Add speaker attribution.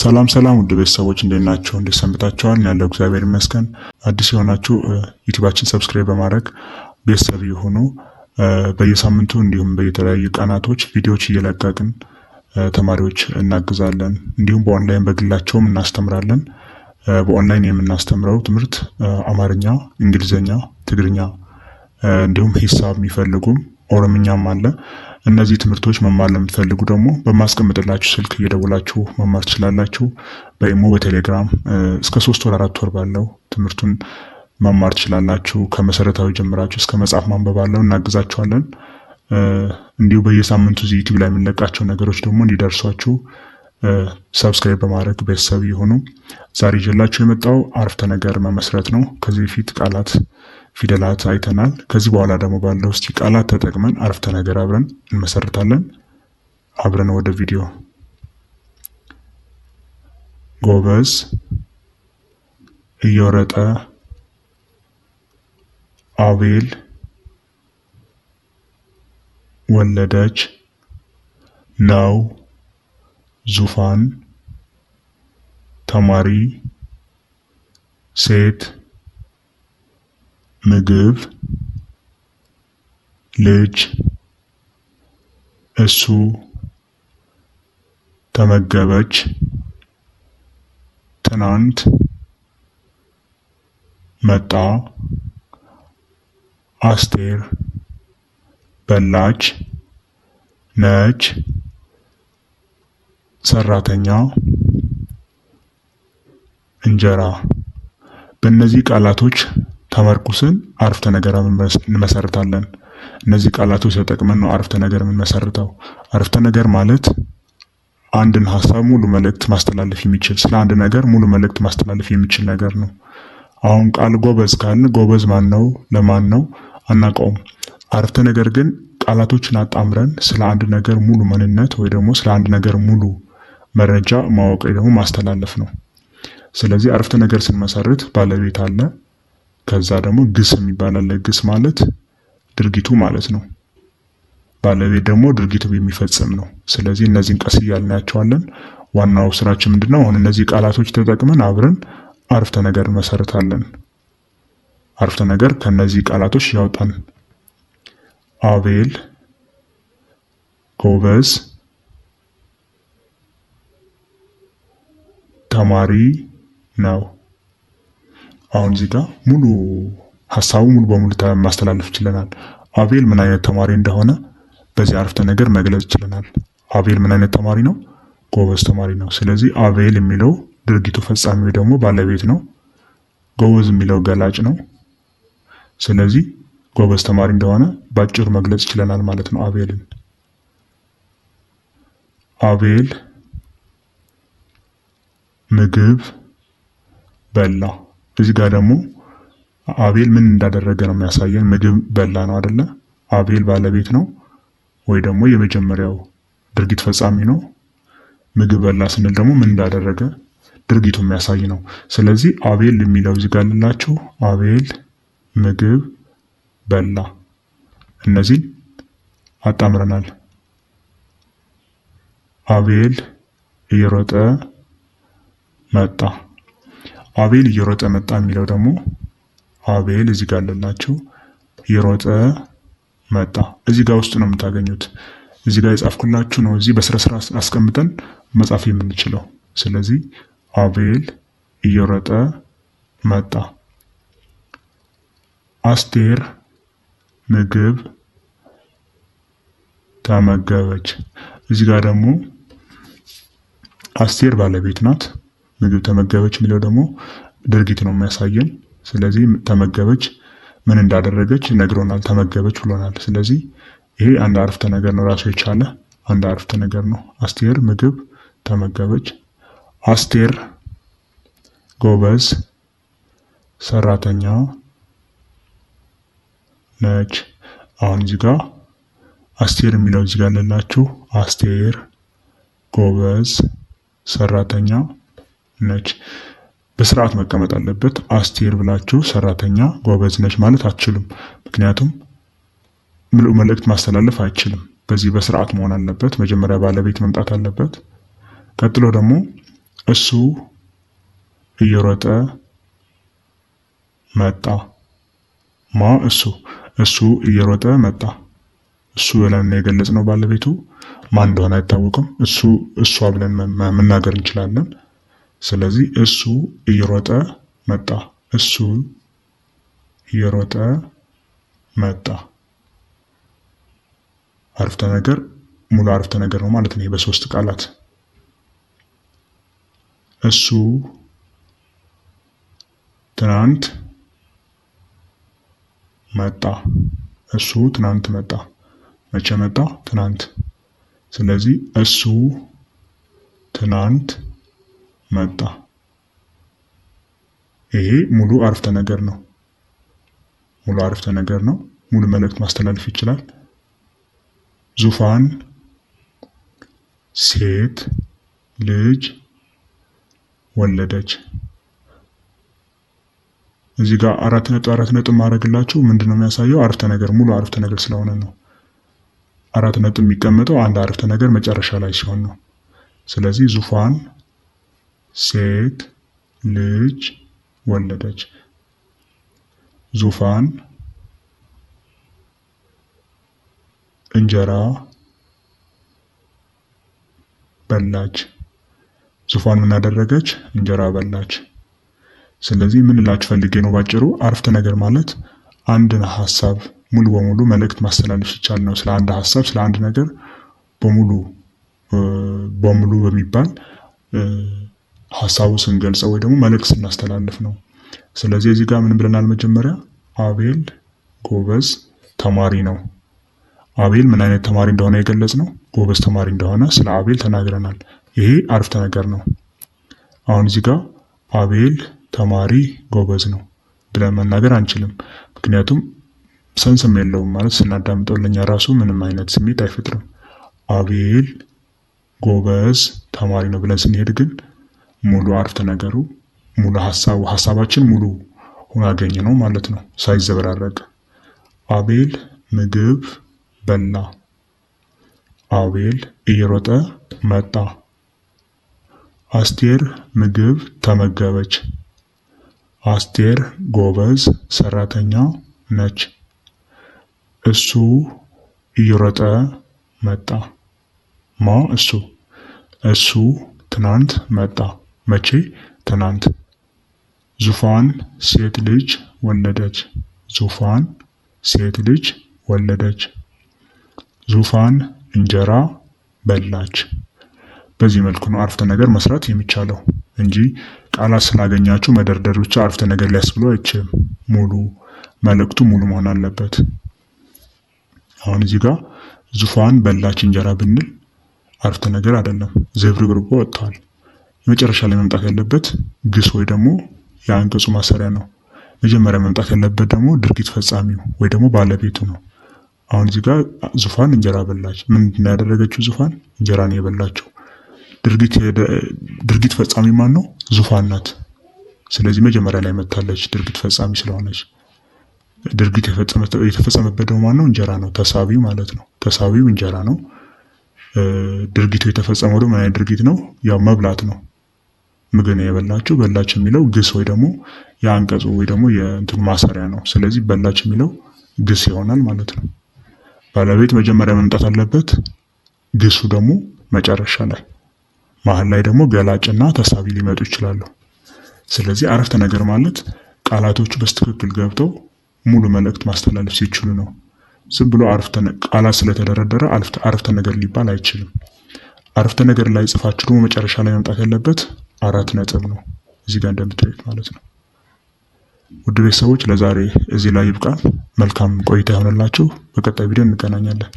Speaker 1: ሰላም ሰላም ውድ ቤተሰቦች እንዴት ናቸው? እንዴት ሰንብታችኋል? ያለው እግዚአብሔር ይመስገን። አዲስ የሆናችሁ ዩቲባችን ሰብስክራይብ በማድረግ ቤተሰብ የሆኑ በየሳምንቱ እንዲሁም በየተለያዩ ቀናቶች ቪዲዮዎች እየለቀቅን ተማሪዎች እናግዛለን። እንዲሁም በኦንላይን በግላቸውም እናስተምራለን። በኦንላይን የምናስተምረው ትምህርት አማርኛ፣ እንግሊዝኛ፣ ትግርኛ እንዲሁም ሂሳብ የሚፈልጉም ኦሮምኛም አለ። እነዚህ ትምህርቶች መማር ለምትፈልጉ ደግሞ በማስቀምጥላችሁ ስልክ እየደወላችሁ መማር ትችላላችሁ። በኢሞ በቴሌግራም እስከ ሶስት ወር አራት ወር ባለው ትምህርቱን መማር ትችላላችሁ። ከመሰረታዊ ጀምራችሁ እስከ መጽሐፍ ማንበብ አለው እናግዛችኋለን። እንዲሁ በየሳምንቱ እዚህ ዩቲዩብ ላይ የምንለቃቸው ነገሮች ደግሞ እንዲደርሷችሁ ሰብስክራይብ በማድረግ ቤተሰብ የሆኑ ዛሬ ይዤላችሁ የመጣው አረፍተ ነገር መመስረት ነው። ከዚህ በፊት ቃላት፣ ፊደላት አይተናል። ከዚህ በኋላ ደግሞ ባለው እስቲ ቃላት ተጠቅመን አረፍተ ነገር አብረን እንመሰርታለን። አብረን ወደ ቪዲዮ ጎበዝ እየወረጠ አቤል ወለደች ነው ዙፋን፣ ተማሪ፣ ሴት፣ ምግብ፣ ልጅ፣ እሱ፣ ተመገበች፣ ትናንት፣ መጣ፣ አስቴር፣ በላች፣ ነች ሰራተኛ፣ እንጀራ። በእነዚህ ቃላቶች ተመርኩስን አርፍተ ነገር እንመሰርታለን። እነዚህ ቃላቶች ተጠቅመን ነው አርፍተ ነገር የምንመሰርተው። አርፍተ ነገር ማለት አንድን ሀሳብ ሙሉ መልእክት ማስተላለፍ የሚችል ስለ አንድ ነገር ሙሉ መልእክት ማስተላለፍ የሚችል ነገር ነው። አሁን ቃል ጎበዝ ካልን ጎበዝ ማን ነው? ለማን ነው? አናውቀውም። አርፍተ ነገር ግን ቃላቶችን አጣምረን ስለ አንድ ነገር ሙሉ ማንነት ወይ ደግሞ ስለ አንድ ነገር ሙሉ መረጃ ማወቅ ደግሞ ማስተላለፍ ነው። ስለዚህ አረፍተ ነገር ስንመሰርት ባለቤት አለ፣ ከዛ ደግሞ ግስ የሚባል አለ። ግስ ማለት ድርጊቱ ማለት ነው። ባለቤት ደግሞ ድርጊቱ የሚፈጽም ነው። ስለዚህ እነዚህን ቀስ እያልናያቸዋለን። ዋናው ስራችን ምንድነው? አሁን እነዚህ ቃላቶች ተጠቅመን አብረን አረፍተ ነገር እንመሰርታለን። አረፍተ ነገር ከነዚህ ቃላቶች ያወጣን አቤል ጎበዝ ተማሪ ነው። አሁን እዚህ ጋ ሙሉ ሀሳቡ ሙሉ በሙሉ ማስተላለፍ ችለናል። አቤል ምን አይነት ተማሪ እንደሆነ በዚህ አረፍተ ነገር መግለጽ ችለናል። አቤል ምን አይነት ተማሪ ነው? ጎበዝ ተማሪ ነው። ስለዚህ አቤል የሚለው ድርጊቱ ፈጻሚ ደግሞ ባለቤት ነው። ጎበዝ የሚለው ገላጭ ነው። ስለዚህ ጎበዝ ተማሪ እንደሆነ በአጭሩ መግለጽ ችለናል ማለት ነው። አቤልን አቤል ምግብ በላ። እዚህ ጋር ደግሞ አቤል ምን እንዳደረገ ነው የሚያሳየን። ምግብ በላ ነው አደለ? አቤል ባለቤት ነው ወይ ደግሞ የመጀመሪያው ድርጊት ፈጻሚ ነው። ምግብ በላ ስንል ደግሞ ምን እንዳደረገ ድርጊቱ የሚያሳይ ነው። ስለዚህ አቤል የሚለው እዚህ ጋር ልላችሁ፣ አቤል ምግብ በላ። እነዚህን አጣምረናል። አቤል እየሮጠ መጣ። አቤል እየሮጠ መጣ የሚለው ደግሞ አቤል እዚህ ጋር አለላችሁ እየሮጠ መጣ። እዚህ ጋር ውስጥ ነው የምታገኙት። እዚህ ጋር የጻፍኩላችሁ ነው። እዚህ በስረ ስራ አስቀምጠን መጻፍ የምንችለው። ስለዚህ አቤል እየሮጠ መጣ። አስቴር ምግብ ተመገበች። እዚህ ጋር ደግሞ አስቴር ባለቤት ናት። ምግብ ተመገበች የሚለው ደግሞ ድርጊት ነው የሚያሳየን። ስለዚህ ተመገበች ምን እንዳደረገች ነግሮናል። ተመገበች ብሎናል። ስለዚህ ይሄ አንድ አረፍተ ነገር ነው፣ ራሱ የቻለ አንድ አረፍተ ነገር ነው። አስቴር ምግብ ተመገበች። አስቴር ጎበዝ ሰራተኛ ነች። አሁን እዚህ ጋር አስቴር የሚለው እዚህ ጋር አስቴር ጎበዝ ሰራተኛ ነች በስርዓት መቀመጥ አለበት። አስቴር ብላችሁ ሰራተኛ ጎበዝ ነች ማለት አትችሉም። ምክንያቱም ምሉእ መልእክት ማስተላለፍ አይችልም። በዚህ በስርዓት መሆን አለበት። መጀመሪያ ባለቤት መምጣት አለበት። ቀጥሎ ደግሞ እሱ እየሮጠ መጣ። ማ እሱ እሱ እየሮጠ መጣ። እሱ ብለን የገለጽ ነው ባለቤቱ ማን እንደሆነ አይታወቅም። እሱ እሷ ብለን መናገር እንችላለን። ስለዚህ እሱ እየሮጠ መጣ። እሱ እየሮጠ መጣ። አረፍተ ነገር ሙሉ አረፍተ ነገር ነው ማለት ነው። በሶስት ቃላት እሱ ትናንት መጣ። እሱ ትናንት መጣ። መቼ መጣ? ትናንት። ስለዚህ እሱ ትናንት መጣ። ይሄ ሙሉ አረፍተ ነገር ነው። ሙሉ አረፍተ ነገር ነው። ሙሉ መልእክት ማስተላለፍ ይችላል። ዙፋን፣ ሴት ልጅ ወለደች። እዚህ ጋር አራት ነጥብ አራት ነጥብ ማድረግላችሁ ምንድን ነው የሚያሳየው? አረፍተ ነገር ሙሉ አረፍተ ነገር ስለሆነ ነው። አራት ነጥብ የሚቀመጠው አንድ አረፍተ ነገር መጨረሻ ላይ ሲሆን ነው። ስለዚህ ዙፋን ሴት ልጅ ወለደች። ዙፋን፣ እንጀራ በላች። ዙፋን ምን አደረገች? እንጀራ በላች። ስለዚህ ምን ልላችሁ ፈልጌ ነው ባጭሩ፣ አረፍተ ነገር ማለት አንድን ሀሳብ ሙሉ በሙሉ መልእክት ማስተላለፍ ሲቻል ነው። ስለ አንድ ሀሳብ ስለ አንድ ነገር በሙሉ በሙሉ በሚባል ሀሳቡ ስንገልጸው ወይ ደግሞ መልእክት ስናስተላልፍ ነው። ስለዚህ እዚህ ጋር ምን ብለናል? መጀመሪያ አቤል ጎበዝ ተማሪ ነው። አቤል ምን አይነት ተማሪ እንደሆነ የገለጽ ነው፣ ጎበዝ ተማሪ እንደሆነ ስለ አቤል ተናግረናል። ይሄ አረፍተ ነገር ነው። አሁን እዚህ ጋር አቤል ተማሪ ጎበዝ ነው ብለን መናገር አንችልም፣ ምክንያቱም ሰንስም የለውም ማለት ስናዳምጠው ለኛ ራሱ ምንም አይነት ስሜት አይፈጥርም። አቤል ጎበዝ ተማሪ ነው ብለን ስንሄድ ግን ሙሉ አርፍተ ነገሩ ሙሉ ሀሳቡ ሀሳባችን ሙሉ ሆኖ ያገኘ ነው ማለት ነው፣ ሳይዘበራረቅ። አቤል ምግብ በላ። አቤል እየሮጠ መጣ። አስቴር ምግብ ተመገበች። አስቴር ጎበዝ ሰራተኛ ነች። እሱ እየሮጠ መጣ። ማ እሱ እሱ ትናንት መጣ። መቼ? ትናንት። ዙፋን ሴት ልጅ ወለደች። ዙፋን ሴት ልጅ ወለደች። ዙፋን እንጀራ በላች። በዚህ መልኩ ነው አረፍተ ነገር መስራት የሚቻለው እንጂ ቃላት ስላገኛችሁ መደርደር ብቻ አረፍተ ነገር ሊያስብሎ አይችልም። ሙሉ መልእክቱ ሙሉ መሆን አለበት። አሁን እዚህ ጋር ዙፋን በላች እንጀራ ብንል አረፍተ ነገር አይደለም፣ ዝብርቅርቁ ወጥቷል። መጨረሻ ላይ መምጣት ያለበት ግስ ወይ ደግሞ የአንቀጹ ማሰሪያ ነው። መጀመሪያ መምጣት ያለበት ደግሞ ድርጊት ፈጻሚው ወይ ደግሞ ባለቤቱ ነው። አሁን እዚህ ጋር ዙፋን እንጀራ በላች። ምንድን ያደረገችው ዙፋን እንጀራን የበላችው። ድርጊት ፈጻሚ ማን ነው? ዙፋን ናት። ስለዚህ መጀመሪያ ላይ መታለች ድርጊት ፈጻሚ ስለሆነች። ድርጊት የተፈጸመበት ደግሞ ማን ነው? እንጀራ ነው፣ ተሳቢው ማለት ነው። ተሳቢው እንጀራ ነው። ድርጊቱ የተፈጸመው ደግሞ ምን አይነት ድርጊት ነው? ያው መብላት ነው። ምግብ የበላችሁ በላች የሚለው ግስ ወይ ደግሞ የአንቀጹ ወይ ደግሞ የእንትኑ ማሰሪያ ነው። ስለዚህ በላች የሚለው ግስ ይሆናል ማለት ነው። ባለቤት መጀመሪያ መምጣት አለበት። ግሱ ደግሞ መጨረሻ ላይ፣ መሀል ላይ ደግሞ ገላጭና ተሳቢ ሊመጡ ይችላሉ። ስለዚህ አረፍተ ነገር ማለት ቃላቶቹ በስትክክል ገብተው ሙሉ መልእክት ማስተላለፍ ሲችሉ ነው። ዝም ብሎ ቃላት ስለተደረደረ አረፍተ ነገር ሊባል አይችልም። አረፍተ ነገር ላይ ጽፋችሁ ደግሞ መጨረሻ ላይ መምጣት ያለበት አራት ነጥብ ነው እዚህ ጋር እንደምታዩት ማለት ነው። ውድ ቤተሰቦች ለዛሬ እዚህ ላይ ይብቃ። መልካም ቆይታ ይሆንላችሁ። በቀጣይ ቪዲዮ እንገናኛለን።